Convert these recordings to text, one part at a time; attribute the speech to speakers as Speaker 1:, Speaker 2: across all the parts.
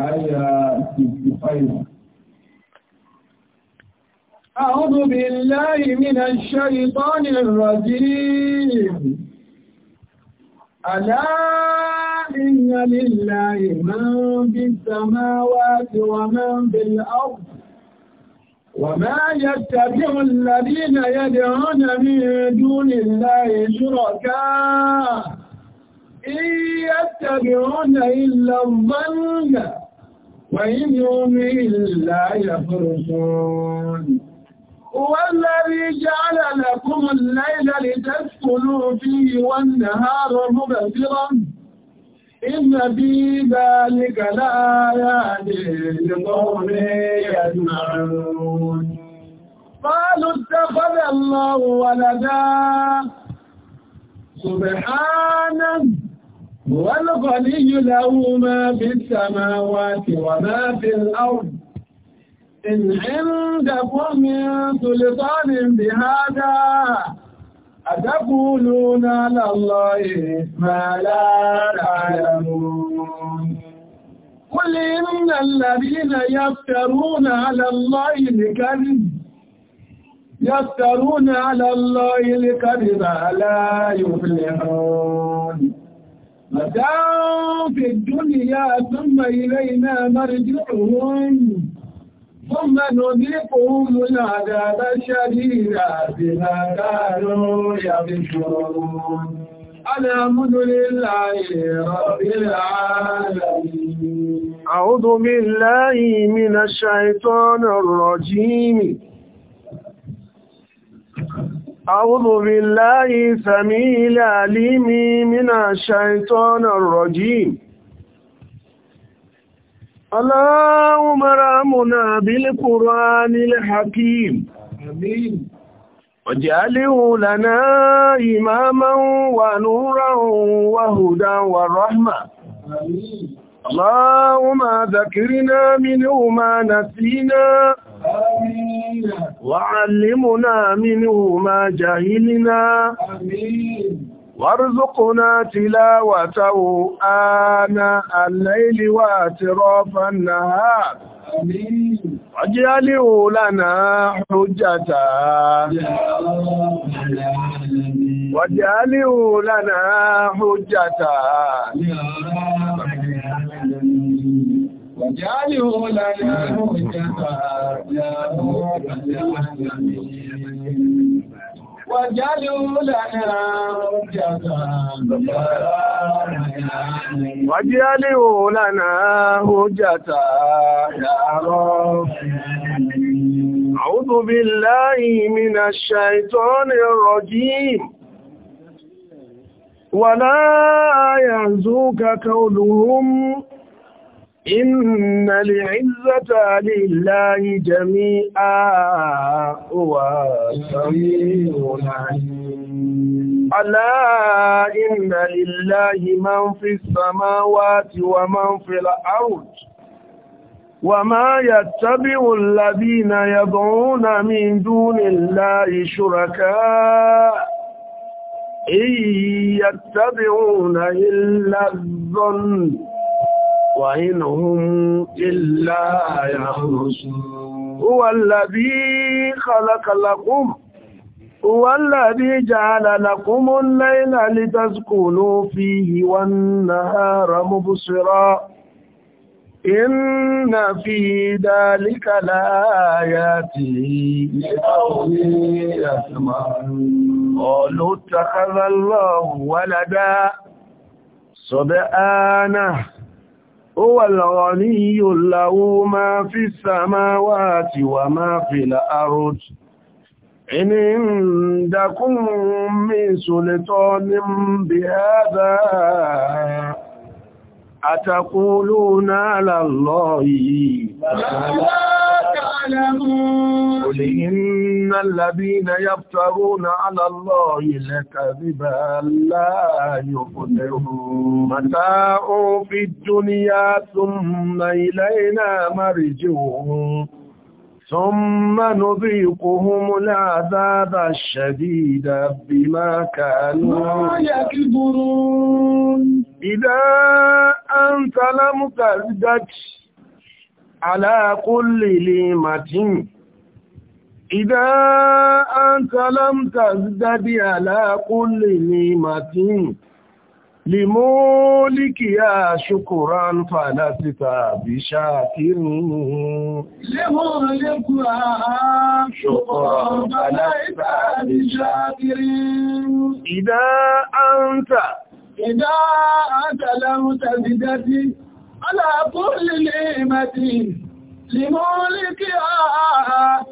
Speaker 1: آية 65 أعوذ بالله من الشيطان الرجيم ألا إن لله من في السماوات ومن في الأرض وما يتبع الذين يدعون من دون الله شركاء إن يتبعون إلا الظن وإن إلا لا يفرسون هو الذي جعل لكم الليل لتسكنوا فيه والنهار مبصرا إن في ذلك لآيات لقوم يسمعون قالوا اتخذ الله ولدا سبحانه هو الغني له ما في السماوات وما في الأرض إن عندكم من سلطان بهذا أتقولون على الله ما لا تعلمون قل إن الذين يفترون على الله الكذب يفترون على الله الكذب لا يفلحون متاع في الدنيا ثم إلينا مرجعهم ثم نذيقهم العذاب الشديد بما كانوا يغفرون الحمد لله رب العالمين أعوذ بالله من الشيطان الرجيم أعوذ بالله السميع العليم من الشيطان الرجيم اللهم رامنا بالقرآن الحكيم أمين واجعله لنا إماما ونورا وهدى ورحمة آمين اللهم ذكرنا منه ما نسينا وعلمنا منه ما جهلنا وارزقنا تلاوته آناء الليل واتراف النهار Àjíyálé ò lánàá hujjata. Wàjíyálé ò lánàá hujjata. Wàjíyálé ò lánàá hujjata. Wàjíálíwò lánà hujjata yàrọ̀. A'udhu billahi minash shaitonir rajim. Wala yanzuka qawluhum. إن العزة لله جميعا هو سميع ألا إن لله من في السماوات ومن في الأرض وما يتبع الذين يدعون من دون الله شركاء إن يتبعون إلا الظن وإن هم إلا يخرصون هو الذي خلق لكم هو الذي جعل لكم الليل لتسكنوا فيه والنهار مبصرا إن في ذلك لآيات لقوم يسمعون قالوا اتخذ الله ولدا سبحانه هو الغني له ما في السماوات وما في الأرض إن عندكم من سلطان بهذا أتقولون على الله قل إن الذين يفترون على الله لكذب لا يفترون متاع في الدنيا ثم إلينا مرجعون ثم نذيقهم العذاب الشديد بما كانوا يكفرون إذا أنت لم تزدج على كل ليمة إذا أنت لم تزدد على كل ليمة Lèmọ́lìkìyà ṣokòrò ń fà láti tàbí ṣàkírù. Lèmọ́lìkìyà ṣokòrò ń fà láti tàbí ṣàkírù. Ìdá àǹtà. Ìdá àǹtà láhùn tàbí aláàbò lílé ìmẹ́tì. Lèmọ́lìkìyà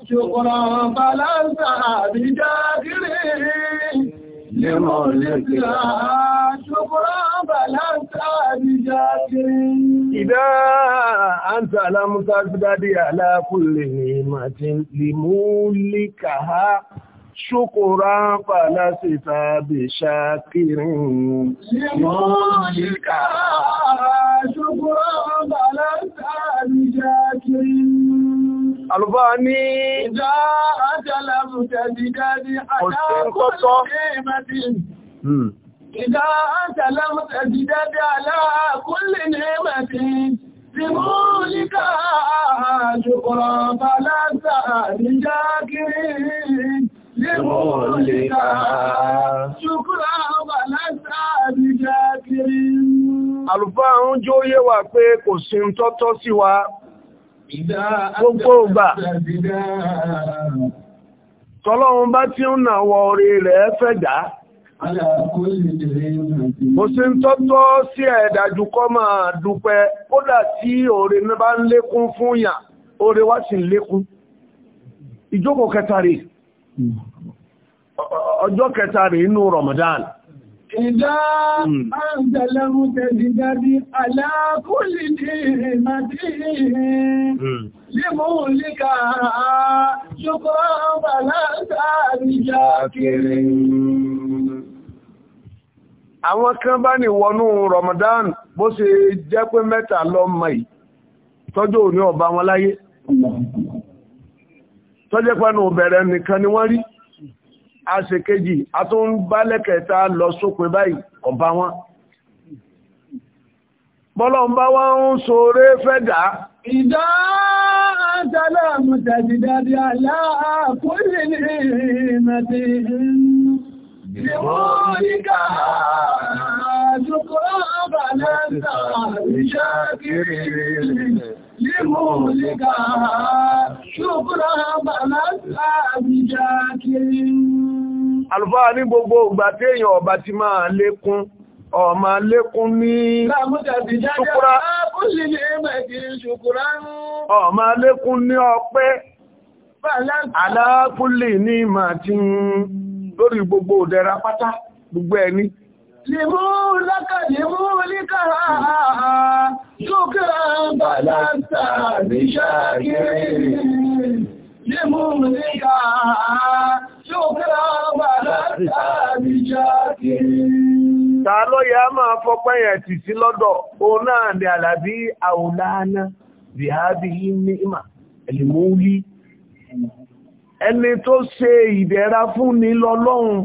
Speaker 1: ṣokòrò ń fà láti tàbí ṣàkírù. لمولدها شكرا بل أنت بجاكر إذا أنت لم تزدد على كل نعمة لمولكها شكرا فلا ستا بشاكر لمولكها شكرا Àlùbá ní ìjá àjálàmù tẹ̀dìdádi àdákùnlé ìmẹ́tì. Ìjá àjálàmù tẹ̀dìdádi àdákùnlé ìmẹ́tì. بمولك شكرا فلست بشاكرين لمولك شكرا فلست بشاكرين Àlùfáà ń jó yé wa pé kò sí ń tọ́tọ́ sí wa gbogbo ìgbà tọ́lọ́run bá tí ń nà wọ orí rẹ̀ fẹ́dá mo sí ń tọ́tọ́ sí ẹ̀dàjú kọ́ máa dúpẹ́ kódà tí oore ní bá ń lékún fún yàn oore wá sí lékún ìjókòó kẹta rẹ̀ ọjọ́ kẹta rẹ̀ inú Ramadan Ìdá àǹdàlẹ́rù tẹ̀síjáde aláàkúlì ní ìmàdí límú líka ṣùkọ́ bàlátàríjà kiri. Àwọn kan bá ní wọnú Ramadan bó ṣe jẹ́ pé mẹ́ta lọ mọ̀ yìí, tọ́jú òní ọba wọn láyé. Tọ́jẹ́ pẹ́nu bẹ̀rẹ̀ nìkan ni wọ́n rí a ṣe kejì a tó ń bá lẹ́kẹta lọ sópin báyìí ọba wọn bọ́lọ̀ ń bá wá ń ṣoore fẹ́ dà ìdá àtàlà mùtàdìdàdì aláàkúrì ní ìrìnàdì ìwọ́nìkà àjùkọ́ àbàlẹ́ta àlùfáà ní gbogbo ìgbà tí èèyàn ọba ti máa lékún ọmọ lékún ní ṣùkúrá ọmọ lékún ní ọpẹ́ aláàkúlì ní ìmà tí ń lórí gbogbo òdẹ̀ra pátá gbogbo ẹni Lèmú lákàdé mú líkàrá ṣókèrà bàlá Ta ya yá máa fọpẹ́ yẹn tì sí lọ́dọ̀, òun náà ni àlàbí àwòláánà, bí a bí ní ìmà, ẹ̀lìmóhí. Ẹni tó ṣe ìdẹ̀ra fún ni lọ́lọ́run,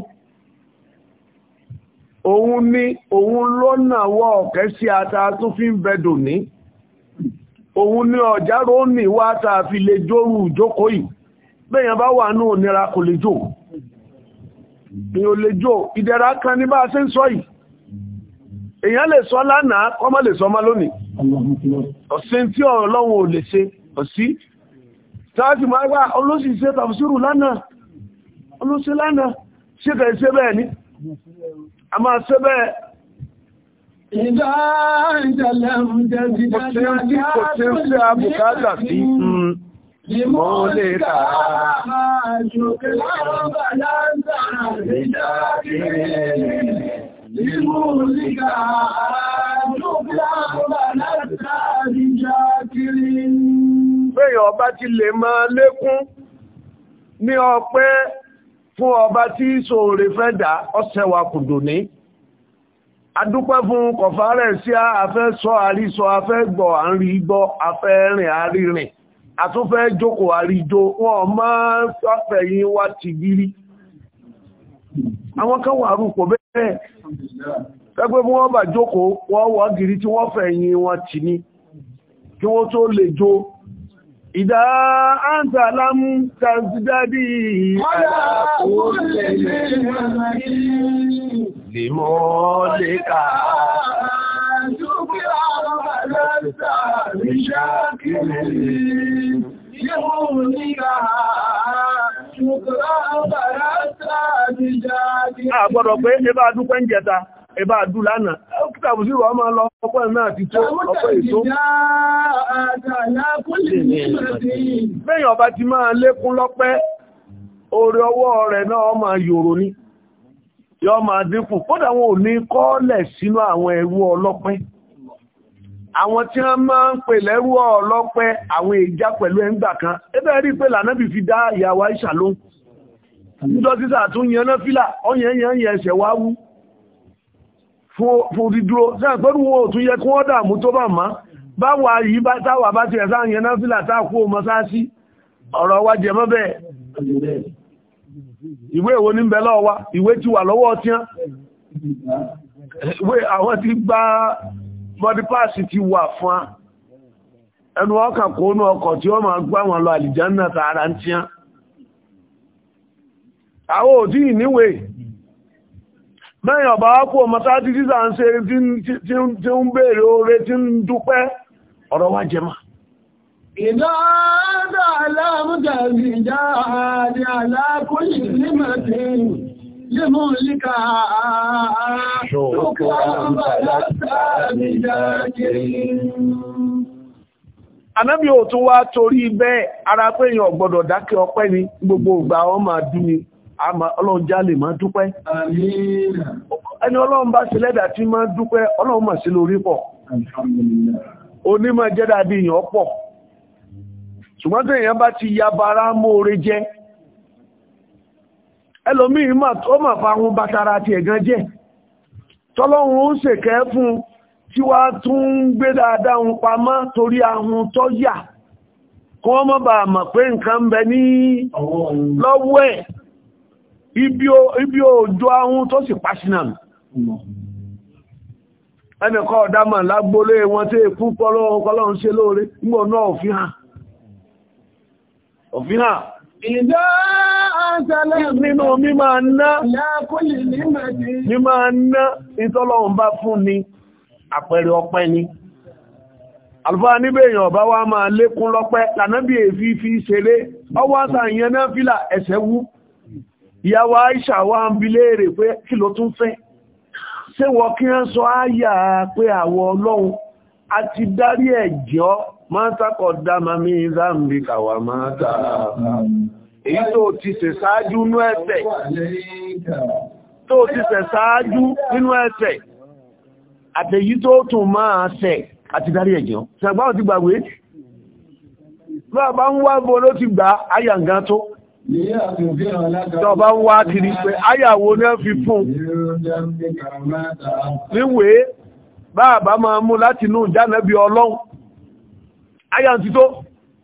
Speaker 1: òun ni òun ọ̀kẹ́ sí ata tó fi ń bẹ̀dò ní. Òun ni ọ̀járó ní ta fi bẹ́yàn bá wà ní ònira kò lè jò ní o lè jò ìdẹ̀ra kan ní bá ṣe ń sọ yìí èyàn lè sọ lánàá kọ́mọ́ lè sọ má lónìí ọ̀sìn tí ọlọ́run ò lè ṣe ọ̀sí tààtì máa wá olóṣì ṣe tàbùsírù lánàá olóṣì lánàá ṣe kẹ̀ ṣe bẹ́ẹ̀ ni a máa ṣe bẹ́ẹ̀ Ìdá ìjẹ̀lẹ̀ ìjẹ̀lẹ̀ ìjẹ̀lẹ̀ ni mo lè kà máa jòkè láwọn bàlá ń tàà lè dákìrẹ̀ ni mo lè kà jòkè láwọn bàlá ń tàà lè dákìrẹ̀ Béèyàn ọba ti lè máa lékún ní ọpẹ́ fún ọba tí sóòrè fẹ́ dá ọ̀sẹ̀wà kùdò ní. Adúpẹ́ fún kọ̀fàárẹ̀ sí afẹ́ sọ àrísọ afẹ́ gbọ́ àrígbọ́ afẹ́ rìn àtúnfẹ́ jókòó àríjó wọn máa sáfẹ̀yìn wá ti gírí àwọn kan wà rúpò bẹ́ẹ̀ pẹ́pẹ́ bí wọ́n bá jókòó wọ́n wọ́ gírí tí wọ́n fẹ̀yìn wọn tì ní kí wọ́n tó lè jó ìdá áńtà lámú tàbí Lèmọ́ lè kàá لست بشاكرين pé ẹbá dúpẹ́ ń jẹta, ẹbá dú lánàá, ọkítà bù lọ ọpọ̀ náà ti tó ọpọ̀ ètò. Mẹ́yàn ọba ti máa lékún lọ́pẹ́, orí ọwọ́ rẹ̀ náà yòrò ni, yọ máa dínkù, kódà wọn ò ní sínú àwọn ẹrú ọlọ́pẹ́. àwọn tí wọ́n máa ń pè lẹ́rú ọlọ́pẹ́ àwọn ìjà pẹ̀lú ẹ̀ńgbà kan ẹbẹ́ rí pé lànàbì fi dá ìyàwó àìṣà ló nítorí sísà tún yẹnná fílà ọyẹnyẹn yẹn ẹsẹ̀ wá wú fún dídúró sẹ́yìn pẹ́lú wọn ò tún yẹ kí wọ́n dààmú tó bà má báwa yìí bá táwà bá ti ẹ̀ sáà yẹnná fílà táà kú ọmọ sáàsì ọ̀rọ̀ wa jẹ mọ́ bẹ́ẹ̀ ìwé èwo ní bẹ lọ́wọ́ ìwé ti wà lọ́wọ́ ọtíán body pass ti wà fún a ẹnu ọkàn kó ní ọkọ̀ tí wọ́n máa gbá wọn lọ àlìjánà tààrà ń tíyán àwọn òdí ìníwè mẹ́rin ọ̀bá wákò mọ́sáájú títà ń ṣe tí ń béèrè oore tí ń dúpẹ́ ọ̀rọ̀ wá jẹma ìdáadáa aláàmúdà ìdáadáa aláàkóyìn nímọ̀ tí لمهلكا شكرا ò tún wá torí bẹ́ẹ̀ ara pé èèyàn gbọ́dọ̀ dákẹ́ ọpẹ́ ni gbogbo ìgbà wọn máa dún ni ọlọ́run já lè máa dúpẹ́. Ẹni ọlọ́run bá ṣe lẹ́dà tí máa dúpẹ́ ọlọ́run lórí pọ̀. ẹlòmíì mà tó mà fáwọn bàtàrà àti ẹ̀gán jẹ́ tọ́lọ́run ó ṣèkẹ́ fún tí wá tún ń gbé dáadáa ń pamọ́ torí ahun tó yà kí wọ́n mọ́ bà mọ̀ pé nǹkan ń bẹ ní lọ́wọ́ ẹ̀ ibi òjò ahun tó sì pàṣínà ẹnìkọ́ ọ̀dámà lágbólé wọn tí èkú kọlọ́run ṣe lóore nígbọ̀n náà òfin hàn òfin hàn ìdáà tẹ́lẹ̀ nínú mi máa ná mi máa ná ìtọ́lọ́run bá fún ni àpẹẹrẹ ọpẹ́ ni àlùfáà níbẹ̀ èèyàn ọba wa máa lékún lọ́pẹ́ lànàbí èéfí fi ṣeré ọwọ́ àtàyàn náà fílà ẹ̀ṣẹ̀ wú ìyàwó Aisha wa ń bi léèrè pé kí ló tún fẹ́ ṣé wọ́n kí ń sọ áyà pé àwọ ọlọ́run èyí tó ti ṣẹ̀ ṣáájú nínú ẹ̀ṣẹ̀ tó ti ṣẹ̀ ṣáájú nínú ẹ̀ṣẹ̀ àtẹ̀yí tó tún máa ṣẹ̀ àti dárí ẹ̀jọ́ ṣàgbáwọ̀ ti gbàgbé bá ń wá bó ló ti gbà áyà nǹkan tó tó bá ń wá kiri pé áyàwó náà fi fún níwèé bá àbá máa mú láti inú ìjánẹ́bí ọlọ́run áyà ti tó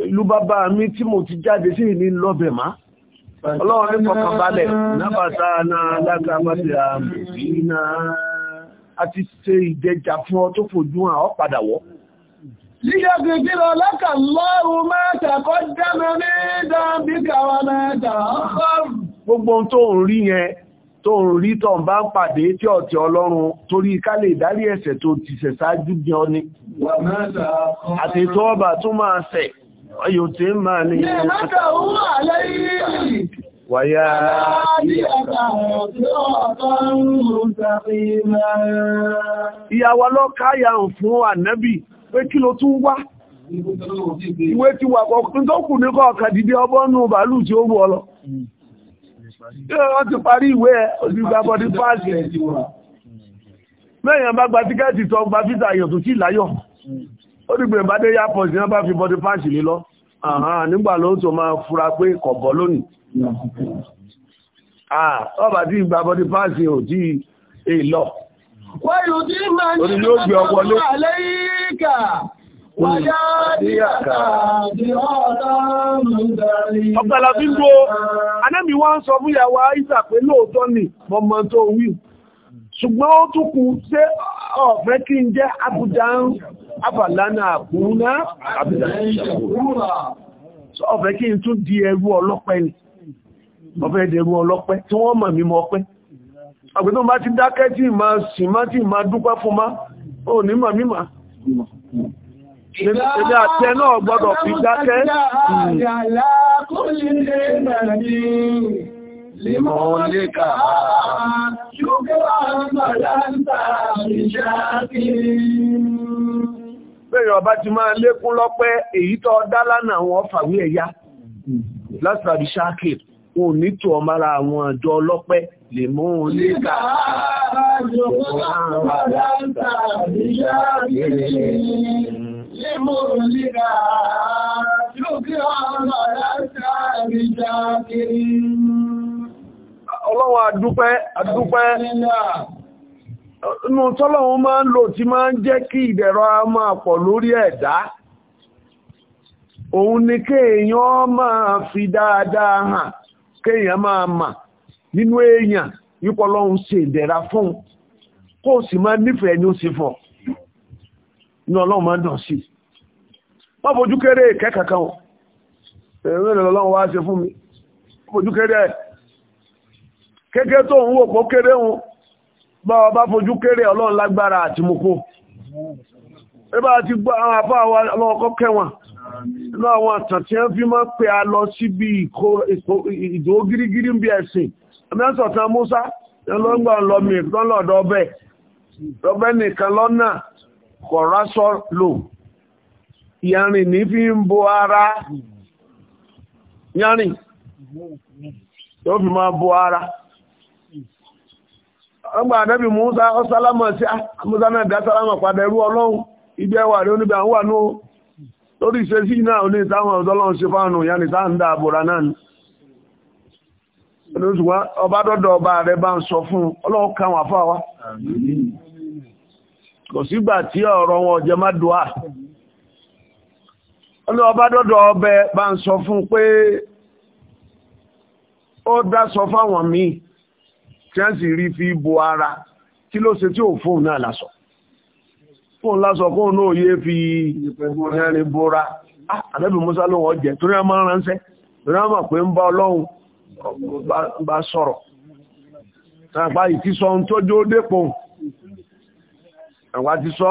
Speaker 1: ìlú bàbá mi tí mo ti jáde sí ní lọ́bẹ̀ má ọlọ́run ní fọkànbalẹ̀ nábàtà náà lágbàmọ́sí àmì náà àti ṣe ìjẹjà fún ọ tó fojú hàn ọ wọ́ Gbogbo tó ń rí yẹn tó ń rí tó ń bá ń pàdé tí ọ̀tí ọlọ́run torí ká lè dárí tó ti ṣẹ̀ ṣáájú jẹ́ ọ ní. Àti tó ọba tún máa ṣẹ̀ ويتم نعمته عليه وياتيك صراطا مستقيما káyà ń fún ànábì pé kí ló tún wá ìwé ti wà kọkùn tó kù ní kọ̀ọ̀kan dìde ọbọ́nù bàálù tí ó ti parí ìwé ẹ̀ mẹ́yàn bá tíkẹ́ẹ̀tì fíta ayọ̀ tó sí láyọ̀ ó dìgbò ìbádé airport ní wọ́n bá fi body patch ní lọ nígbà ló tó máa fura pé kọ̀bọ̀ lónìí ọba tí ìgbà body patch ò tí èlọ wáyò tí máa ní ọjọ́ wá ń sọ fún ìyàwó àìsà pé lóòótọ́ ni mọ̀mọ̀ tó wí ṣùgbọ́n ó tún kù ọ̀fẹ́ kí n jẹ́ Àbújá ń afàlánà àkúrúná àbìdà ọ̀fẹ́ kí n tún di ẹrú ọlọ́pẹ́ ni di ẹrú ọlọ́pẹ́ tí wọ́n mọ̀ mímọ̀ ọpẹ́ ọ̀gbẹ̀tọ́ bá ti dákẹ́ tí ma sì má tí ma dúpẹ́ fún má ó ní mọ̀ mímọ̀ Ilé àtẹ náà bẹ́ẹ̀rẹ̀ ọba ti máa lékún lọ́pẹ́ èyí tó dá lánàá àwọn ọ̀fàwé ẹ̀yà lásìtàbí ṣáàkìr wọn ò ní tó ọmọ ara àwọn àjọ ọlọ́pẹ́ lè mú un léka Ọlọ́run adúpẹ́, adúpẹ́. inú tọ́lọ́run máa ń lò tí máa ń jẹ́ kí ìdẹ̀rọ̀ a máa pọ̀ lórí ẹ̀dá òun ni kéèyàn máa fi dáadáa hàn kéèyàn máa mà nínú èèyàn yípo lọ́hun ṣe ìdẹ̀ra fún kó o sì máa nífẹ̀ẹ́ ó sì fọ̀ ní ọlọ́run máa dàn sí má kéré èrè wá fún mi kéré kékeré tó ń wò báwa bá fojú kéré ọlọ́run lágbára àti mokó ẹbá ti gbọ́ àwọn àfá àwọn ọlọ́ọ̀kọ́ kẹwàá inú àwọn àtàn tí wọ́n fi máa pè a lọ síbi ìdó gírígírí ń bí ẹ̀sìn mẹ́sàn-án Musa lọ́gbà lọ́mì lọ́lọ́dọ̀ ọbẹ̀ ọbẹ̀ nìkan lọ́nà kọ̀rásọ́ lò yàrin ní fi ń bo ara ọgbà àdẹ́bì Musa ọ sálámọ̀ padà ẹrú ọlọ́run ibi ẹwà rẹ̀ oníbẹ̀ àwọn wà lórí ìṣesí náà oní ìtàwọn ọ̀dọ́lọ́run ṣe fáànù ìyá ní sáàndà àbòrà náà ni ọba rẹ̀ bá ń sọ fún ọlọ́ tí a sì rí fi bo ara kí ló ṣe tí ò fóun náà lásọ fóun lásọ fóun náà yé fi ẹrin bora ah, àlẹ́bí musa ló wọ́n torí a máa ránṣẹ́ torí a máa pè ń bá ọlọ́run bá sọ̀rọ̀ sọ ohun tó jó dépò àwọn sọ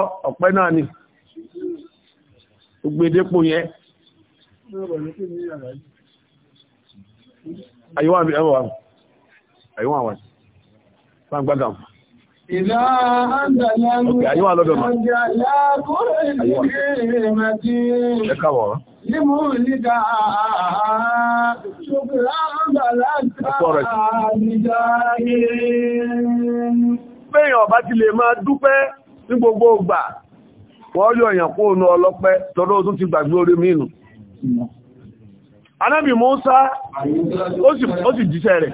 Speaker 1: Fáńgbádàm. Ìlà àndàlẹ́ ọjọ́ àyíwá lọ́dọ̀ mọ̀. Ẹ káwọ̀. Nímú dúpẹ́ ní gbogbo ìgbà, wọ́n yọ èèyàn kó ònà ọlọ́pẹ́ tọ́dọ́ tún ti gbàgbé orí mínú. Anábì Mùsá, ó sì jíṣẹ́ rẹ̀.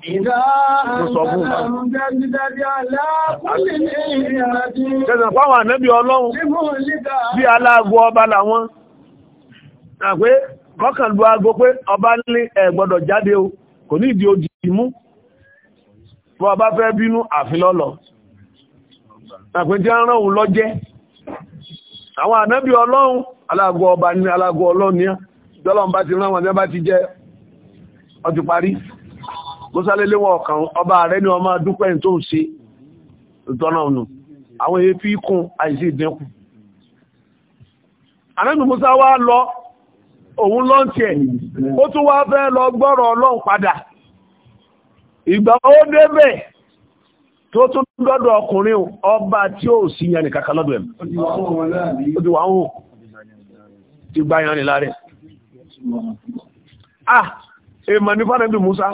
Speaker 1: Kẹsàn fáwọn ànábì agbó pé ọba ní ẹ̀gbọ́dọ̀ jáde o, kò ní ìdí ojì mú. Bọ́ ọba fẹ́ bínú àfilọ́lọ̀. Àpé tí a rán òun lọ́jẹ́. Àwọn ànábì ọlọ́run aláàgbò ọba ní aláàgbò ọlọ́run ní gọ́sálẹ́lẹ́wọ̀ ọ̀kan ọba rẹ̀ ni ọmọ dúpẹ́ tó ń ṣe ìtọ́nà ọ̀nà àwọn èéfí kún àìsí ìdínkù àrẹ́nù Musa wá lọ òun lọ tí ẹ̀ ó tún wá fẹ́ lọ gbọ́rọ̀ Ọlọ́run padà ìgbà ó débẹ̀ tó tún dọ́dọ̀ ọkùnrin ọba tí ó sì yẹn nìkàkà lọ́dọ̀ ẹ̀ ó ti wà ń hù ti gbá yẹn rìn láàrẹ̀ ah èèmọ̀ ní fánàbí Musa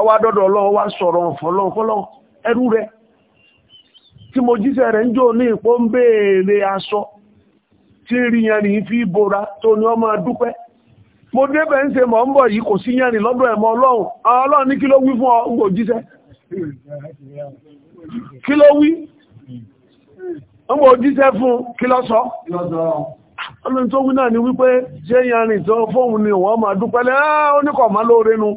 Speaker 1: ọwá dọ́dọ̀ ọlọ́wọ́ wá sọ̀rọ̀ ọ̀fọ̀lọ́kọ́lọ́ ẹrú rẹ̀ tí mo jíṣẹ́ rẹ̀ ń jò ní ìpó ń aṣọ tí rí yanrìn fi bora tó ní ọmọ dúpẹ́ mo débẹ̀ ń ṣe mọ̀ ń bọ̀ yìí kò sí yanrìn lọ́dọ̀ ọlọ́run ọlọ́run ní kí ló wí ọlọ́run tó wí náà wípé ṣé yanrìn tó fóun ni wọ́n máa dúpẹ́ lẹ́ oníkọ̀ lóore nu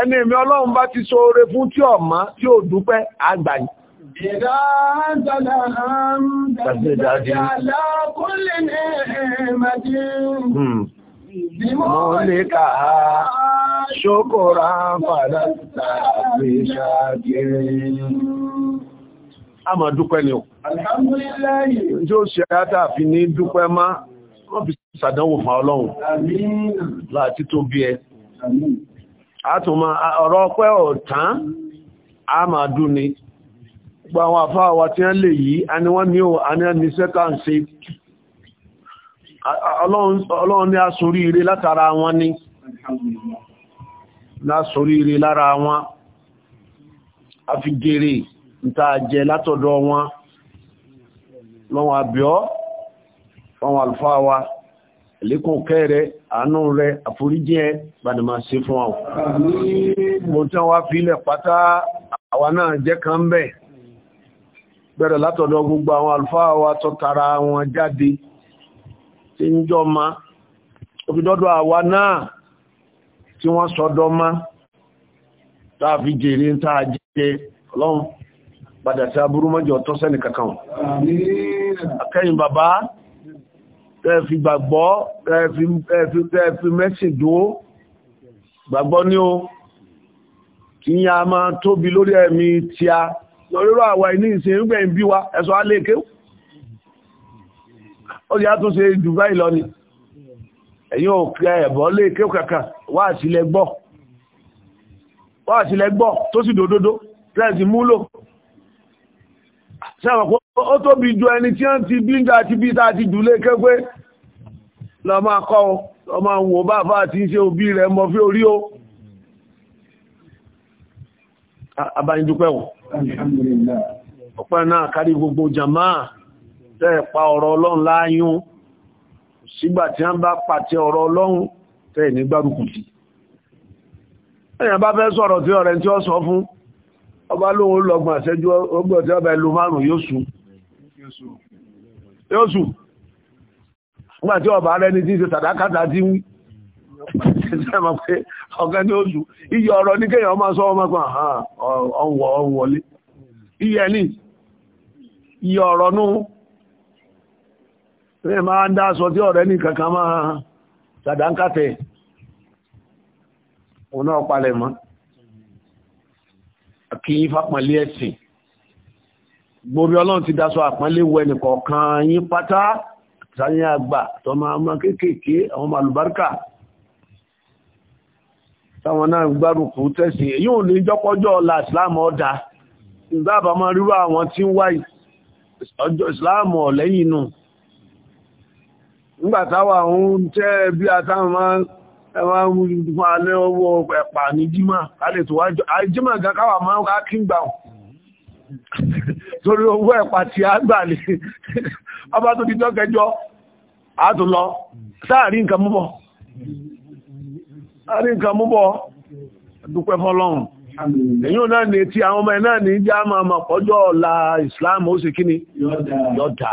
Speaker 1: ẹni èmi ọlọ́run bá ti ṣoore fún tí ọ̀má tí ò dúpẹ́ àgbà hmm. A máa dúpẹ́ ni o. Alhamdulillah. Tí ó ṣe àtàfi ní dúpẹ́ máa wọ́n fi sàdánwò fún ọlọ́run láti tó bí ẹ àtùmọ̀ ọ̀rọ̀ ọpẹ́ ọ̀tán a máa dún ni gbogbo àwọn àfáà wa tí wọ́n lè yí a ni wọ́n ní o a ní ẹni sẹ́kàǹsí ọlọ́run ní a sorí ire látara wọn ni lásorí ire lára wọn a fi gèrè níta jẹ látọ̀dọ̀ wọn lọ́wọ́ àbíọ́ fáwọn Alfa wa lékún kẹ́rẹ àánú rẹ àforíjì ẹ sí fún wa mo tán wá fílẹ̀ pátá àwa náà jẹ́ kan bẹ̀ bẹ̀rẹ̀ látọ̀dọ̀ gbogbo àwọn àlùfáà wa tó tara wọn jáde tí ń jọ ma òfidọ́dọ̀ àwa náà tí wọ́n sọ́dọ́ ma táà fi jèrè ń táà jẹ́ ọlọ́run padà sí aburú mọ́jọ tó kankan akẹ́yìn bàbá tẹ́ẹ̀fì gbàgbọ́ tẹ́ẹ̀fì mẹ́sìn dúó gbàgbọ́ ní o kí ya máa tóbi lórí ẹ̀mí tí a lọ́rírọ̀ àwà ní ìsìn ìgbẹ̀ ìbí wa ẹ̀sọ́ aléèké ó yá tún ṣe jùgbá ìlọ́ni ẹ̀yìn òkè ẹ̀bọ́ léèké kàkà wà sílẹ̀ gbọ́ wà sílẹ̀ gbọ́ tó sì dòdòdó tẹ́ẹ̀sì múlò sẹ́wọ̀n ó tóbi ju ẹni tí wọ́n ti bí ń ta ti bí ta ti jù léèké pé lọ máa kọ́ ọ máa wò bá àfáà tí ń ṣe òbí rẹ̀ mọ́ fí orí o abáyíndúpẹ́ wọn ọ̀pẹ́ náà kárí gbogbo jàmáà tẹ́ pa ọ̀rọ̀ ọlọ́run láyún sígbà tí wọ́n bá pàtẹ ọ̀rọ̀ ọlọ́run tẹ́ ní gbárùkù tì èèyàn bá fẹ́ sọ̀rọ̀ tí ọ̀rẹ́ tí ó sọ fún ọba lóhun lọ́gbọ̀n àṣẹ́jú ọgbọ̀n tí ọba ìlú márùn-ún yóò sùn tí ọba rẹ ní títí sàdákàtà ti wí ṣẹ́mà pé ọ̀gá ní oṣù iye ọ̀rọ̀ ní kéèyàn máa sọ ọmọ kan ọ̀wọ̀ iye ní iye ọ̀rọ̀ nú rẹ̀ máa ń dáṣọ tí ọ̀rẹ́ ní kankan máa sàdákàtẹ̀ òun náà palẹ̀ mọ́ kí ẹ̀sìn ọlọ́run ti dáṣọ àpọ́nlé pátá sáyé àgbà tọmọ ọmọ kéékèèké àwọn alùbáríkà táwọn náà gbárùkù tẹ́sì èyí ò ní jọ́pọ́jọ́ ọ̀la islam ọ̀dà ìdábà máa rírọ àwọn tí ń wá ọjọ́ islam ọ̀lẹ́yìn inú nígbàtàwà òun tẹ́ bí àtàwọn máa ń fún alẹ́ ọwọ́ ẹ̀pà ní jímà kálẹ̀ tó wájọ́ máa ń torí owó ẹ̀pà tí a gbà lè ọba tó ti jọ́ kẹjọ àátò lọ sáàrí nǹkan múbọ̀ sáàrí nǹkan múbọ̀ dúpẹ́ fọ́lọ́run èyí náà ni tí àwọn ọmọ ẹ̀ náà ní já máa mọ̀ pọ́jọ́ ọ̀la Islam ó sì kíni yọ́dà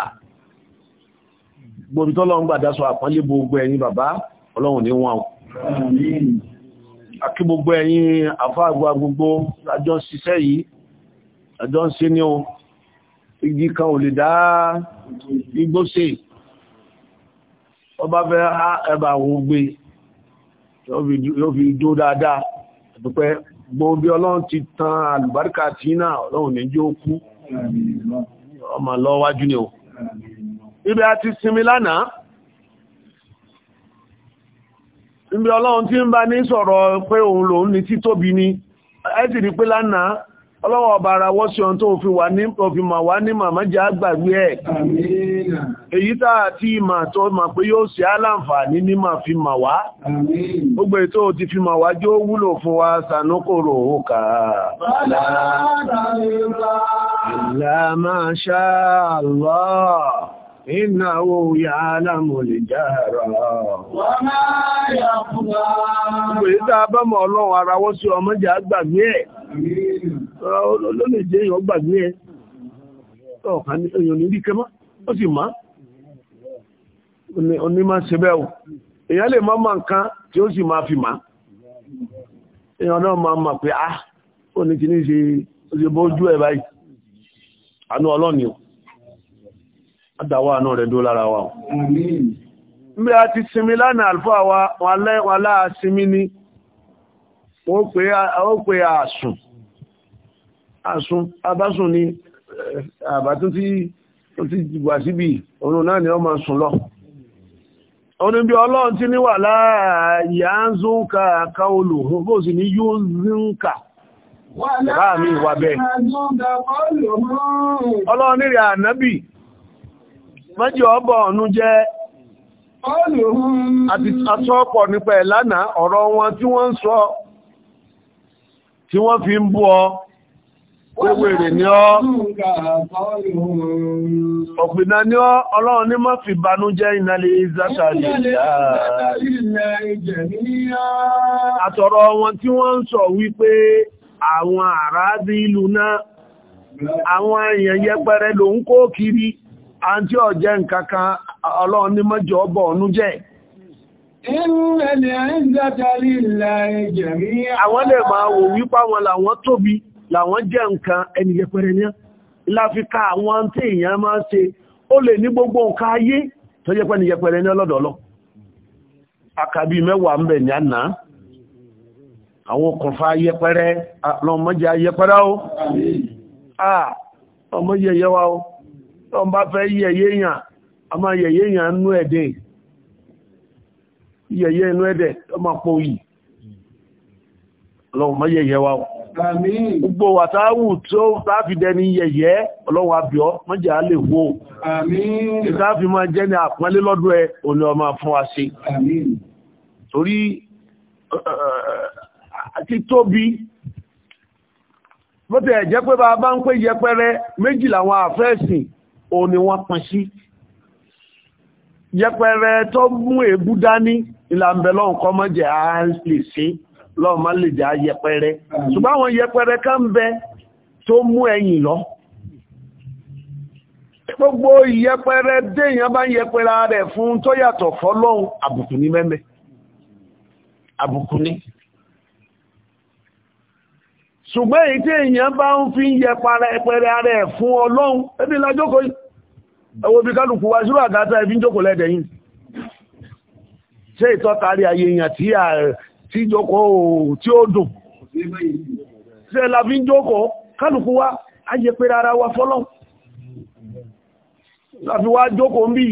Speaker 1: gbòmí tọ́lọ́run gbàdá sọ àpọ́nlé gbogbo ẹ̀yin bàbá ọlọ́run ní wọn àkí gbogbo ẹ̀yin àfáàgbà gbogbo àjọ ń ṣiṣẹ́ yìí àjọ ń ṣe ní ohun igi kan ò lè dá igbóṣe ọba fẹ́ ẹbà àwọn ogbe yóò fi dó dáadáa àtúpẹ́ gbọ́n bí ọlọ́run ti tan àlùbáríkà tí náà ọlọ́run ní jí ó kú ọmọ lọ wájú ni o ibi a ti sinmi lánàá ibi ọlọ́run ti ń bá ní sọ̀rọ̀ pé òun lòun ní títóbi ni ẹ sì rí pé lánàá ọlọ́wọ́ ọba ara sí tó fi wà ní ọfìmọ̀ wà ní màmá jẹ́ àgbàgbé ẹ̀ èyí táà tí ìmà tó mà pé yóò sí aláǹfààní ní mà fi mà wá gbogbo ètò ti fi mà wá jó wúlò fún wa sànúkòrò òkà ọlọ́run sí ọmọ jẹ́ àgbàgbé ẹ̀. ló lè jẹ́ èèyàn gbàgbé ẹ ọ̀kan èèyàn ní ríkẹ́ mọ́ ó sì má oní máa ṣe bẹ́ẹ̀ o èèyàn lè máa máa nǹkan tí ó sì máa fi má èèyàn náà máa mà pé ah ó ní kí ní ṣe ó ṣe bójú ẹ̀ báyìí àánú ọlọ́ni o àdáwà àánú rẹ̀ dó lára wa o. a ti sinmi lánàá àlùfáà wa wọn alẹ́ wọn aláà sinmi ni. wọ́n pe àṣùn àṣùn abásùn ni eh, àbá tó ti wà síbi òun náà ni máa lọ oníbi ọlọ́run ti níwà láàáyà ń zúnkà káolù bó sì ní yóò zúnkà mi wà bẹ́ẹ̀ ọlọ́run nírì ànábì mẹ́jì ọbọ̀ ọ̀nú jẹ́ àti nípa ẹ̀ lánàá ọ̀rọ̀ wọn tí wọ́n tí wọ́n fi ń bú ọ
Speaker 2: wéwèrè ní ọ́
Speaker 1: ọ̀pìnà ní ọ́ ọlọ́run ní mọ́ fi banújẹ́ ìnàlẹ̀ ìzátàlì àtọ̀rọ̀ wọn tí wọ́n ń sọ wípé àwọn àrádí ìlú náà àwọn èèyàn yẹpẹrẹ ló ń kó kiri àti ọ̀jẹ́ kan, ọlọ́run ní mọ́jọ́ bọ̀ ọ̀nú Àwọn lè máa wò wípá wọn làwọn tóbi làwọn jẹ́ nǹkan ẹni yẹpẹrẹ ní láfíká àwọn tí èèyàn máa ka ṣe ó lè ní gbogbo nǹkan ayé tó yẹpẹ́ ni yẹpẹrẹ ní ọlọ́dọ̀ọ́lọ́. Àkàbí mẹ́wàá ń bẹ̀ ní àná àwọn okùnfà yẹpẹrẹ ọmọ a yẹ̀yẹ́ inú ẹ̀dẹ̀ ọmọ pọ̀ yìí ọlọ́run mọ́ yẹ̀yẹ́ wa gbogbo wàtáwù tó táàfidẹ ní yẹ̀yẹ́ ọlọ́run abíọ́ mọ́jà lè wó ìtàfi máa jẹ́ ní àpọ́nlé lọ́dọ̀ ẹ òní ọmọ fún wa sí torí títóbi bó tẹ̀ jẹ́ pé bá bá ń pè yẹpẹrẹ méjì làwọn àfẹ́ẹ̀sìn òní wọ́n pín sí yẹpẹrẹ tó mú èébú dání ìlànbẹ̀ lọ́n kọ́ mọ́ jẹ́ a lè ṣe lọ́n má lè jẹ́ yẹpẹrẹ ṣùgbọ́n àwọn yẹpẹrẹ kan bẹ tó mú ẹ̀yìn lọ gbogbo ìyẹpẹrẹ déèyàn bá ń yẹpẹrẹ rẹ̀ fún tó yàtọ̀ fọ́lọ́hun àbùkù ní mẹ́mẹ́ àbùkù ní ṣùgbọ́n èyí tí èèyàn bá ń fi yẹpẹrẹ rẹ̀ fún ọlọ́hun ẹbí lájókòó ẹwọ́ bí kálùkù wá ṣúrò àgáta ẹbí jókòó lẹ́dẹ̀yìn ṣe ìtọ́tàrí ayé èèyàn tí a tí jókòó tí ó dùn ṣe lábí jókòó kálùkù wá ayé pé rárá wa fọ́lọ́ láfi wá jókòó bí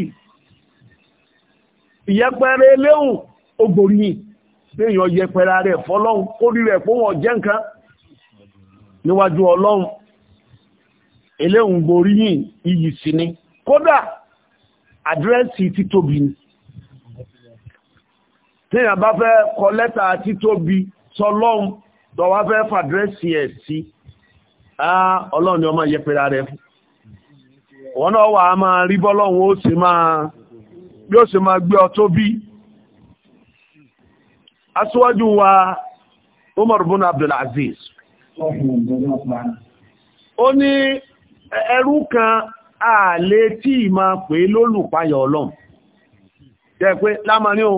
Speaker 1: ìyẹpẹrẹ léhùn ogbòríyìn léèyàn yẹpẹrẹ rẹ̀ rẹ̀ fún wọn jẹ́ nǹkan iyì sí ni kódà àdírẹ́sì títóbi ni tíyàn bá fẹ́ kọ lẹ́tà títóbi sọlọ́un tó wá fẹ́ fàdírẹ́sì ẹ̀ sí ọlọ́run ni ọmọ yẹpẹ̀rẹ̀ rẹ̀ fún wọ́n náà wà á máa rí bọ́lọ́run ó sì máa bí ó sì máa gbé ọ tóbi aṣíwájú wa Umar bin Abdul Aziz ó ní ẹrú kan ààlé tí ìmá pé lólùpayọ̀ ọlọ́run jẹ́ pé lámà ní o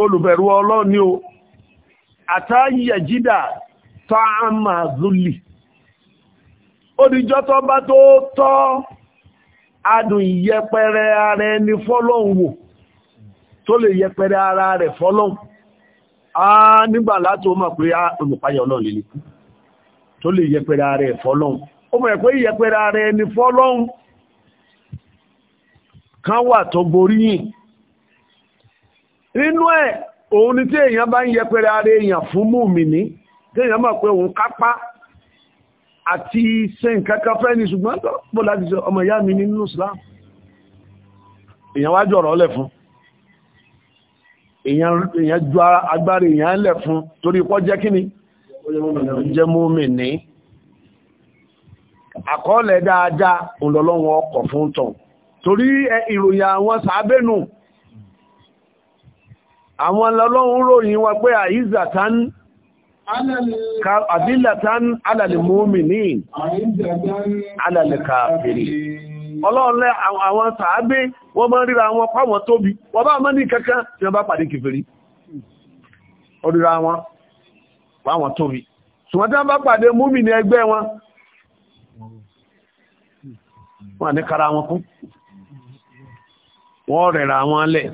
Speaker 1: olùbẹ̀rù ọlọ́run ní o àtàyẹ̀ tààmà zulì odìjọ́ bá tó tọ́ adùn ìyẹpẹrẹ ara ẹni wò tó lè yẹpẹrẹ ara rẹ̀ a nígbà látò mọ̀ pé olùpayọ̀ lè tó lè yẹpẹrẹ ara ọmọ mọ̀ pé ìyẹpẹrẹ ara ẹni fọ́lọ́hún kan wà tó boríyìn nínú ẹ̀ òun ni tí èyàn bá ń yẹpẹrẹ ara èyàn fún mùmìnì tí èyàn mọ̀ pé òun kápá àti ṣe nǹkan fẹ́ ní ṣùgbọ́n tó pọ̀ láti ọmọ ìyá mi nínú Islam lẹ̀ fún Èyàn ju agbára lẹ̀ fún torí pọ́ jẹ́ jẹ́ àkọọ́lẹ̀ dáadáa ńlọlọ́wọ́ ọkọ̀ fún tàn torí ìròyìn àwọn sàábẹ́nù àwọn lọ́lọ́run ròyìn wa pé àìzàtán àdílàtán alàlèmọ́mìnì alàlèkàfèrè ọlọ́ọ̀lẹ́ àwọn sàábẹ́ wọ́n mọ́ ríra wọn pàwọn tóbi wọ́n bá mọ́ ní kankan tí wọ́n bá pàdé kèfèrí ọdíra wọn pàwọn tóbi ṣùgbọ́n tí wọ́n wọ́n ní kára wọn kún wọ́n rẹ̀rà wọn lẹ̀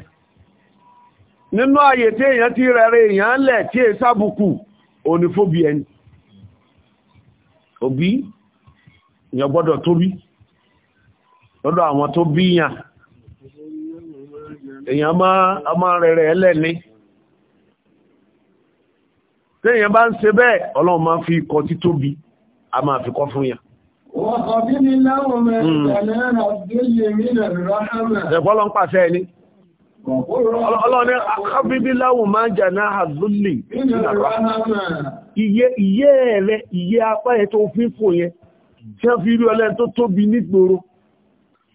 Speaker 1: nínú ààyè tí èèyàn ti rẹ̀rẹ̀ èèyàn lẹ̀ tí è sábùkù onífóbi ẹni òbí èèyàn gbọ́dọ̀ tó bí lọ́dọ̀ àwọn tó bí yàn èèyàn máa rẹ̀rẹ̀ ẹlẹ́ni tí èèyàn bá ń ṣe bẹ́ẹ̀ ọlọ́run máa fi ikọ̀ títóbi a máa fi kọ́ fún yàn Ẹ̀fọ́lọ́ ń pàṣẹ ẹni. Ọlọ́ni àkábíbí láwùn máa ń jà náà àzúlì. Iye iye rẹ̀, iye apá ẹ̀ tó fi fò yẹn, tí wọ́n fi rí ọlẹ́ tó tóbi nígboro.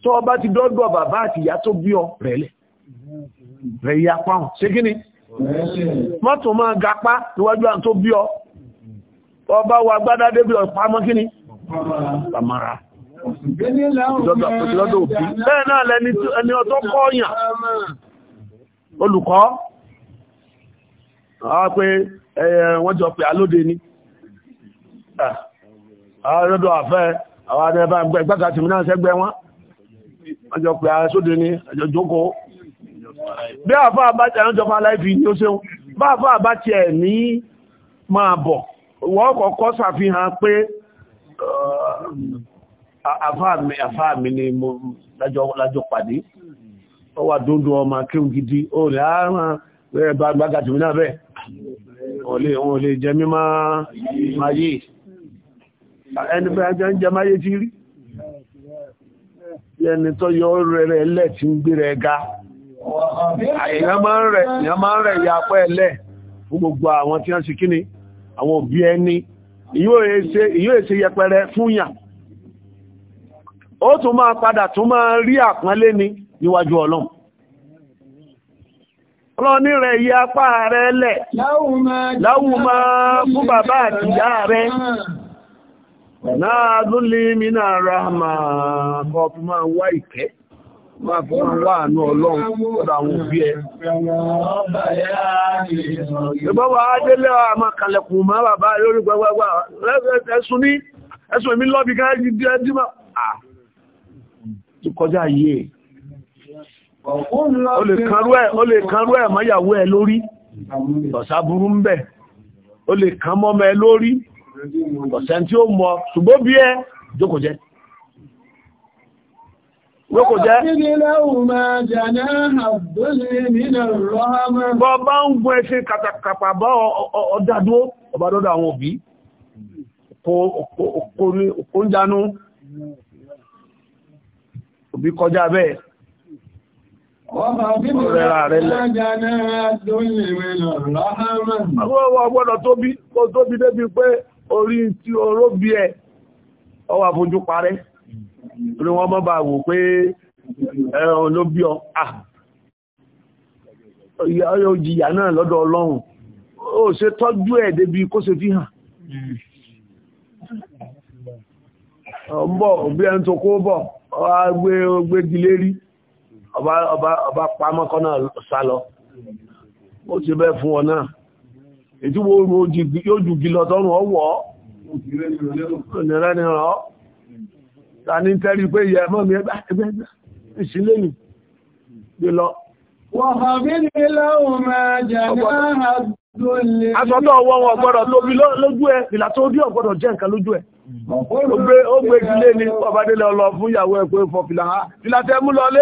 Speaker 1: Tọ́ bá ti dọ́gbọ̀ bàbá àti ìyá tó bí ọ rẹ̀lẹ̀. Rẹ̀ iye apá hàn. Ṣé kí ni? Mọ́tò máa gapá níwájú àwọn tó bí ọ. Ọba wa gbádá débi ọ̀pá mọ́ kí ni? pàmàrà lọ́dọ̀ òbí bẹ́ẹ̀ náà lẹni ọ̀tọ̀ kọ́ọ̀yàn olùkọ́ a pé wọ́n jọ pé alóde ni àwọn lọ́dọ̀ àfẹ́ àwọn ẹgbẹ́ ìgbẹ́gbẹ́gbẹ́ tìmí náà sẹ́gbẹ́ wọn wọ́n jọ pé asóde ni àjọ jókòó bí àfá àbájá ẹ̀rọ́jọba aláìfi ni ó ṣeun bá àfá àbájá ẹ̀ ní máa bọ̀ wọ́n kọ̀ọ̀kọ́ ṣàfihàn pé Ah, àfáà mi ni mo lájọ pàdé ó wà dúndú ọmọ akíun gidi ó lè àárán rẹ̀ bá gbágàtì mi náà bẹ́ẹ̀ wọ́n lè jẹ mí máa yìí ẹni bẹ́ẹ̀ jẹ́ ń jẹ máa yé ti rí ẹni tó yọ rẹ̀ rẹ̀ lẹ̀ tí ń gbé rẹ̀ ga èèyàn máa ń rẹ̀ ya pẹ́ fún gbogbo àwọn tí wọ́n sì kíni àwọn òbí ẹni yóò èsè yẹpẹrẹ fún yàn ó tún máa padà tún máa rí àpọ́nlé ni níwájú ọlọ́run ọlọ́ni rẹ̀ yí apá rẹ̀ lẹ̀ láwùmá fún bàbá àti ìyá rẹ̀ náà ló lè mí náà ra máa kọ́ fún máa wá ìkẹ́ ma fi wọn wá àánú ọlọ́run ọ̀dọ̀ àwọn ẹ. Ìbọn wà á délé àmà kàlẹ̀kùn máa bàbá lórí gbogbogbà ẹ̀sùn ní ẹ̀sùn èmi lọ́bí ká jí dí ẹjí máa ti O O kan lórí, mọ, Lókò jẹ́. Bọ́ bá ń gún ẹṣin kàtàkàpà bá ọdádó ọbádọ́dọ̀ àwọn òbí. Kò ń janú. Òbí kọjá bẹ́ẹ̀. Ọ̀rẹ́ra rẹ̀ lẹ̀. Àwọn ọgbọ́dọ̀ tóbi débi pé orí tí oró bí ẹ, ọwà fojú parẹ́ ní wọ́n mọ́ bá wò pé ẹran ló bí ọ ọyọ jìyà náà lọ́dọ̀ ọlọ́run ó ṣe tọ́jú ẹ̀ débi kó ṣe fi hàn ọ̀bọ̀ bí ẹni tó kó bọ̀ ọba gbé gbégi lérí ọba pamọ́kọ́ náà sá lọ ó ṣe bẹ́ẹ̀ fún ọ náà ètí wo yóò jù gí lọ tọ́rùn ọwọ́ ọ̀nà rẹ̀ ni rọ̀ ta ní tẹ́rí pé ìyẹ mọ́ mi ẹgbẹ́ ẹgbẹ́ ìṣílẹ̀ nì gbé lọ. Aṣọ́dọ̀ ọwọ́ wọn gbọ́dọ̀ tóbi lójú ẹ, ìlà tó dí ọ̀gbọ́dọ̀ jẹ́ nǹkan lójú ẹ. Ó gbé ìdílé ní ọbádélé ọlọ fún ìyàwó ẹ̀ pé fọ́ fìlà mú lọ lé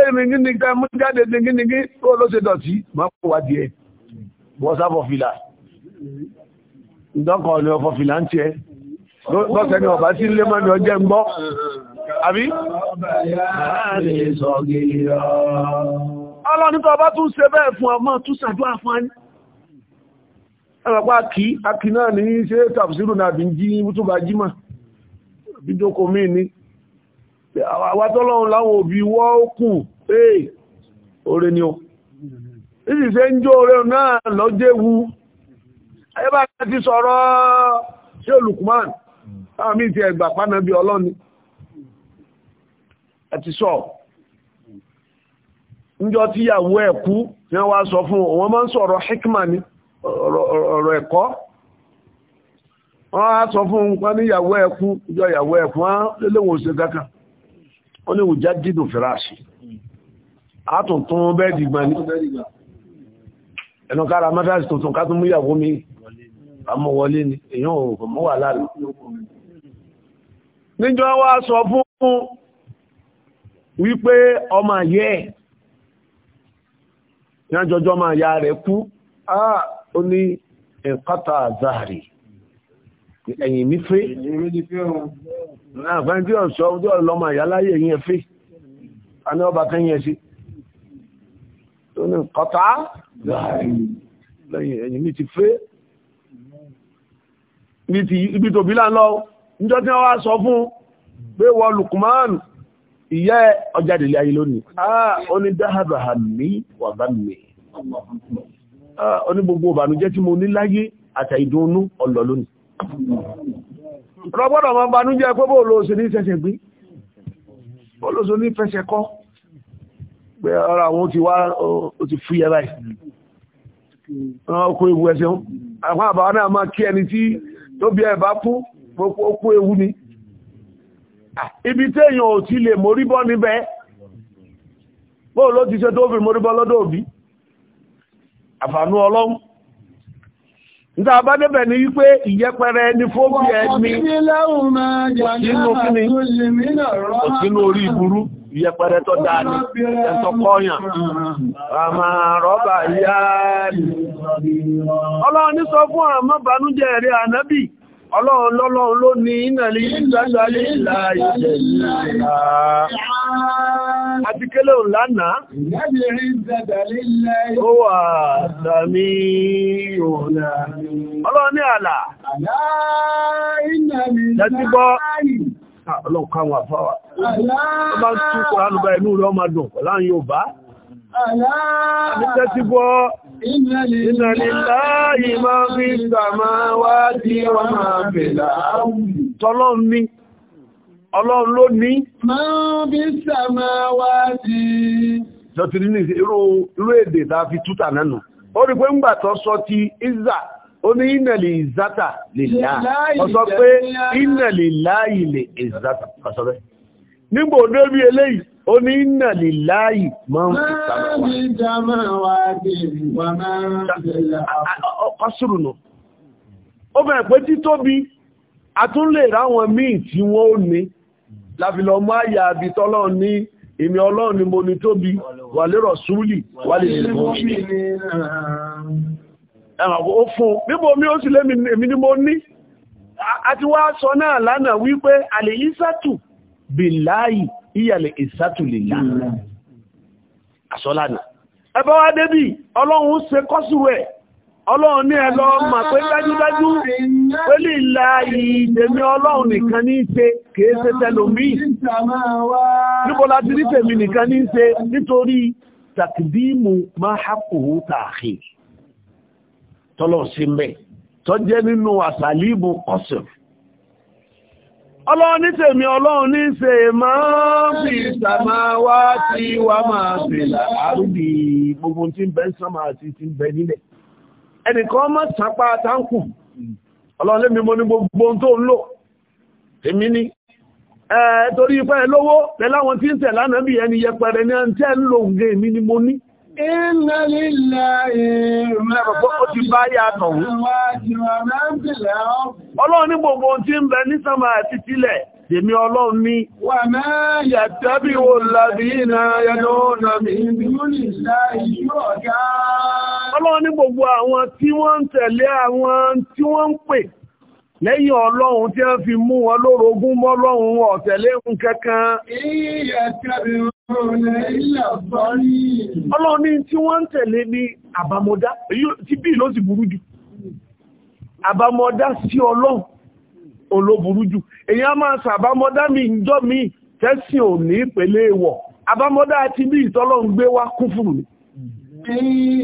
Speaker 1: àbí? ọlọ́ni tó bá tún ṣe bẹ́ẹ̀ fún ọmọ tún ṣàdúrà fún ẹni ẹgbàgbà kí akì náà ní ṣe tàbísírù náà bí jí mútúbà jímà bí jókò mí ní àwátọ́lọ́run láwọn òbí wọ́ kù ee oore ni o ìsìsẹ́ ń jó oore náà lọ́jẹ́wu ayébá ti sọ̀rọ̀ ṣe olùkùnmán àti sọ níjọ tí ìyàwó ẹ̀ kú tí wọ́n wá sọ fún wọn máa ń sọ̀rọ̀ hikma ni ọ̀rọ̀ ẹ̀kọ́ wọ́n á sọ fún wọn ní ìyàwó ẹ̀ kú ìjọ ìyàwó ẹ̀ fún lélẹ́wọ̀n òṣè kankan wọ́n ní òjá dídò fìràṣì àtúntún bẹ́ẹ̀dì gbà ní ẹ̀nà kára mátàsì tuntun ká tún mú ìyàwó mi àmọ́wọlé ni èyàn ò mọ́wà láàrin níjọ wá sọ fún wípé ọmọ ayé ẹ̀ ní àjọjọ́ ọmọ àyà rẹ̀ kú áà ó ní ẹ̀kọ́ta àzáàrí ẹ̀yìn mi fẹ́ àfẹ́ tí ọ̀ṣọ́ ojú ọ̀lọ́mọ àyà láyé yìí fẹ́ a ní ọba kẹ́yìn ẹ̀ṣí tó ní ẹ̀kọ́ta àzáàrí ẹ̀yìn mi ti fẹ́ ibi tó bí láńlọ́ níjọ́ tí wọ́n wá sọ fún pé wọ́n Lukman ìyá ọjáde ilé ayé lónìí ah. Ah, ó ní dáhàbàhà mí wà bá mi ah, ó ní gbogbo ìbànújẹ́ tí mo ní láyé àtà ìdùnnú ọlọ lónìí rọgbọ́dọ̀ ma banújẹ́ pé bó olóòsè ní fẹsẹ̀ gbé olóòsè ní fẹsẹ̀ kọ́ pé ara àwọn ti wá ó ti fúyẹ́ báyìí ọkọ̀ ewu ẹsẹ̀ ibi tí èyàn ò ti lè móríbọ́ níbẹ̀ bóò ló ti ṣe tó fi móríbọ́ lọ́dọ̀ òbí àfàánú ọlọ́run níta bá débẹ̀ ní wípé ìyẹpẹrẹ ní fóbi ẹni òsínú kíni òsínú orí ìburú ìyẹpẹrẹ tó dáa ní ẹ̀tọ́ kọ́yàn àmà rọ́bà yáà ọlọ́run ní sọ fún àmọ́ bànújẹ́ rẹ̀ ànábì Ọlọ́run lọ́lọ́run ló ní iná lè ìjọ́jọ́ Àti kélé òun lánàá. Ó wà sàmí òun. Ọlọ́run ní àlà. Àlá Ọlọ́run káwọn àfáwà. Ó bá ń inú rẹ̀ ọmọdún láàrin Inna lillahi fi wá tí wọ́n máa ní, ọlọ́run ló ní. Máa fi wá tí. èdè fi nánà. Ó rí pé ń gbà tọ́ sọ ti ó ní ìnàlì ìzátà lè láà. Ó pé ìnàlì láàyè lè Nígbò eléyìí, ó ní inna lillahi máa ń fi sàmàwà ó bẹ̀rẹ̀ pé títóbi a tún lè ráwọn míì tí wọ́n ó ní láfilọ mọ́ àyà àbí tọ́lọ́ ní èmi ọlọ́run ni mo ní tóbi wà lérọ̀ súúlì wà lè lè mọ́ sí ìyàlẹ̀ ìsátùlélà àṣọ́lànà ẹbọ́ wá débì ọlọ́run ṣe kọ́sùrù ẹ̀ ọlọ́run ní ẹlọ mà pé dájúdájú pé lè la ìdèmí ọlọ́run nìkan ní ṣe kìí ṣe tẹlòmí níbo láti rí tèmi nìkan ní ṣe nítorí takdimu máa hápòó tààkì tọ́lọ̀ sí mẹ́ tọ́jẹ́ nínú àsàlíbù kọ́sùrù ọlọ́run ní tèmi ọlọ́run ní ṣe máa fi ìsàmà wá tí wà máa fi láàrùbí gbogbo tí ń bẹ ń sánmà àti tí ń bẹ nílẹ̀ ẹnìkan mọ́ sápá táǹkù ọlọ́run lémi mo ní gbogbo tó ń lò èmi ni torí ipẹ́ lówó lẹ́láwọn tí ń tẹ̀ lánàá bí ẹni yẹpẹrẹ ní ẹni tẹ́ ń lò ń gé èmi ni mo ní Iná lílá Ọlọ́run ní gbogbo tí ọlọ́run ní. Wà máa yàtàbí wo làbí iná yẹnu ọ̀nà mi ní ọ̀gá. Ọlọ́run ní gbogbo àwọn tí wọ́n ń tẹ̀lé àwọn tí wọ́n ń pè lẹ́yìn ọlọ́run tí wọ́n fi mú wọn lórogún mọ́lọ́run ọ̀tẹ̀lé Ọlọ́run ní tí wọ́n ń tẹ̀lé ní àbámọ́dá, tí bí ló sì burú jù. Àbámọ́dá sí ọlọ́run oló burú jù. Èyí a máa sàbámọ́dá mi ń jọ mi tẹ́sí ò ní ìpele ìwọ̀. Àbámọ́dá ti bí ìtọ́lọ́run gbé wá fún mi.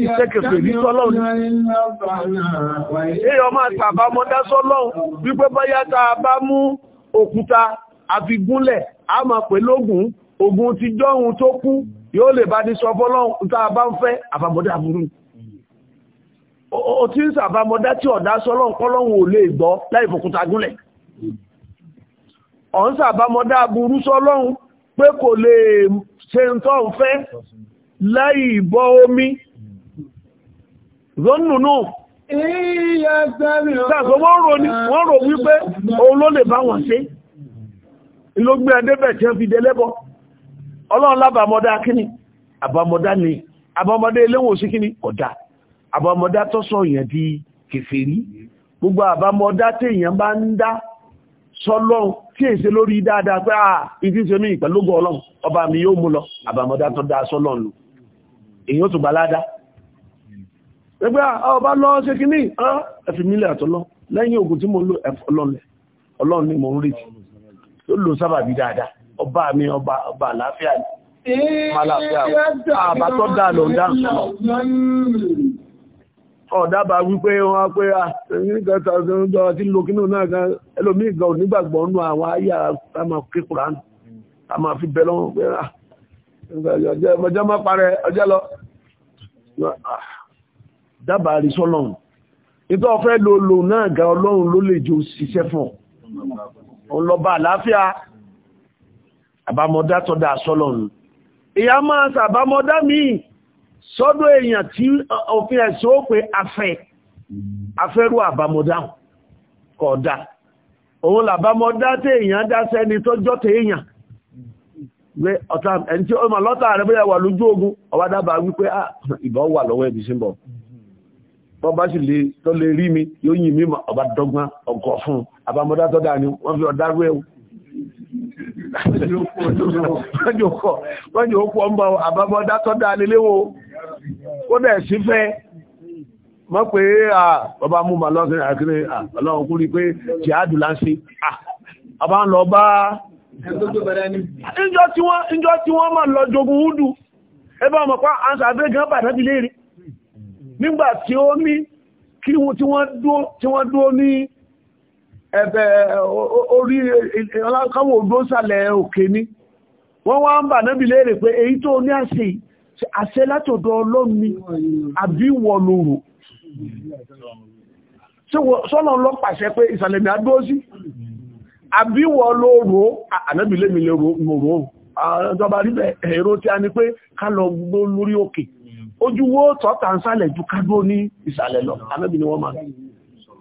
Speaker 1: Ìṣẹ́kẹ̀fẹ̀ ní tọ́lọ́run. ogun ti jọ́hun tó kú yóò lè bá ní sọ fọ́lọ́hun tá a bá ń fẹ́ àbámọ́dá burú o ti ń sàbámọ́dá tí ọ̀dá sọ́lọ́hun kọ́lọ́hun ò lè gbọ́ láì fòkúta gúnlẹ̀ ọ̀ ń sàbámọ́dá burú sọ́lọ́hun pé kò lè ṣe ń tọ́ ń fẹ́ láì bọ́ omi rọ́nùnù Tàṣọ wọ́n rò wípé òun ló lè bá wọn ṣe, ìlógbé ẹdẹ́bẹ̀ tí ó fi dẹ lẹ́bọ̀ ọlọ́run lábàmọ́dá kíní àbámọ́dá ni àbámọ́dá eléwọ̀n sí kíní ọ̀dá àbámọ́dá tó sọ èèyàn di kèfèrí gbogbo àbámọ́dá téèyàn bá ń dá sọlọ́run tí èsè lórí dáadáa pé à ah, ìdí ṣe mí ìpẹ̀lógún ọlọ́run ọba mi yóò mú lọ àbámọ́dá tó dá sọlọ́run lò èèyàn tó balada ẹgbẹ́ ah, ọba lọ ṣe kíní ah, ẹfìmílẹ̀ àtọ́lọ́ lẹ́yìn ògùn tí mo lò ẹ̀fọ́ ọlọ́run ni mo ń retí ó lò sábàbí dáadáa ọba mi ọba ọba àlàáfíà ni màlàáfíà àbá tó dà lọ dáhùn ọ̀dábà wípé wọn pé àtẹ̀yìnkẹta tí ń lo kínú náà gan ẹlòmíì gan onígbàgbọ́ nù àwọn ayà tá máa ké tá máa fi bẹ lọ́wọ́ pé rà ọjọ́ má parẹ́ ọjọ́ lọ dábàá rí sọ́lọ́run ìtọ́ ọ̀fẹ́ lo lò náà gan ọlọ́run ló lè jẹ́ òṣìṣẹ́ fún ọ lọ́ba àbámọ́dá tó dáa sọ́lọ́run ìyá máa sàbámọ́dá míì sọ́dọ̀ èèyàn tí òfin ẹ̀sìn ó pé afẹ́ afẹ́rú àbámọ́dá kódà òun làbámọ́dá tí èèyàn dá sẹ́ni tó jọ́ tẹ èèyàn pé ọ̀tá ẹni tí ó mà lọ́tà rẹ̀ bóyá wà lójú ogun ọwá dábàá wípé ah, ìbọn wà lọ́wọ́ ẹbí símbọ̀ ni wọ́n fi ọ̀dá rú mọ́jọ́ kọ́ ń bọ̀ àbábọ́dá tọ́ dáa nílé wo kó dẹ̀ sí fẹ́ mọ́ pé bàbá mú ma lọ́sẹ̀ àkíní ọlọ́run kú rí pé tí a dùn láńsí àbá ń lọ bá ìjọ tí wọ́n máa lọ jogun údù ẹbá ọmọ pa ansa abẹ́ gan bàtà ti léèrè nígbà tí ó ní kí wọ́n dúó ní ẹ̀bẹ̀ orí ọlákọ́wọ̀ ògbó sàlẹ̀ òkè ní wọ́n wá ń bà náà léèrè pé èyí tó ní àṣẹ àṣẹ látọ̀dọ̀ ọlọ́mi àbí sọ́nà lọ pé ìsàlẹ̀ mi àdó sí àbí wọ̀lòrò lè rò rí ẹ̀rọ tí a ní pé ká lọ gbó lórí òkè ojú wo tọ́ta ń sàlẹ̀ ju ní ìsàlẹ̀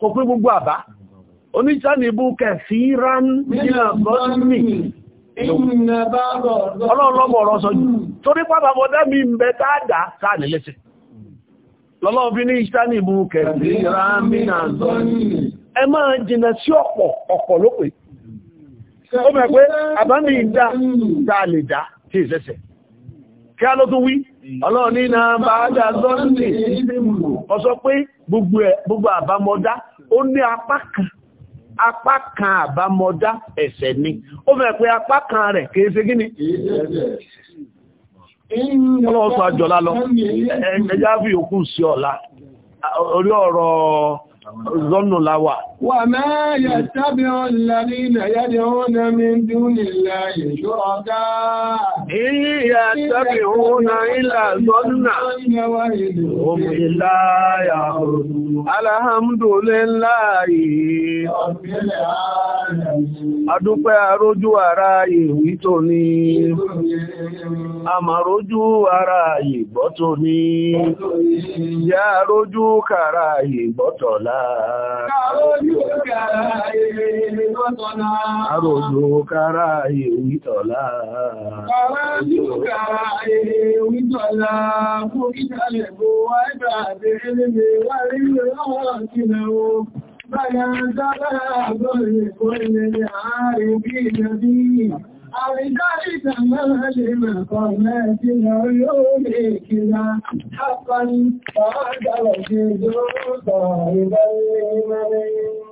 Speaker 1: kò pín gbogbo àbá oníṣàníbú kẹfì rán nílà gọ́ọ̀mì ọlọ́ọ̀lọ́bọ̀ ọ̀rọ̀ sọ torí pápá mi ń bẹ táàdá sáà nílẹ́sẹ̀ lọ́lọ́wọ́ ní ìṣàníbú kẹfì rán nílà gọ́ọ̀mì ẹ máa jìnà sí ọ̀pọ̀ ọ̀pọ̀ lópe ó mẹ́ pé àbámi na bá dá gọ́ọ̀mì ọ̀sọ pé gbogbo àbámọ́dá ó ní apá kan apá kan àbámọ́dá ẹ̀ṣẹ̀ ni ó mẹ́ pé apá kan rẹ̀ lọ fi òkú sí ọ̀la zọ́nù láwà. Wà máa yẹ tábí ọ̀làrínà yẹ́dẹ̀ ọ̀nà mi dúnì láyé ṣọ́ọ̀dá. Ìyí yẹ tábí ọ̀nà ìlà zọ́nà. Omi láyà Alhamdulillahi. Adúpẹ́ arójú ara ìwí tó ní. Àmàrójú ara ìgbọ́ tó Àròjò kára ayé wítọ̀lá. Àròjò kára ayé wítọ̀lá. Fún ìdálẹ̀ bó wá ìgbà àti ilé wà rí lọ́wọ́ sílẹ̀ o. Àrídárí ìtàmà lè máa kọ̀ mẹ́sí lọ yóò lè kíra, hápa ní ọ̀dọ̀lọ̀ ṣe lóòtọ̀ ìbẹ̀rẹ̀ mẹ́rin.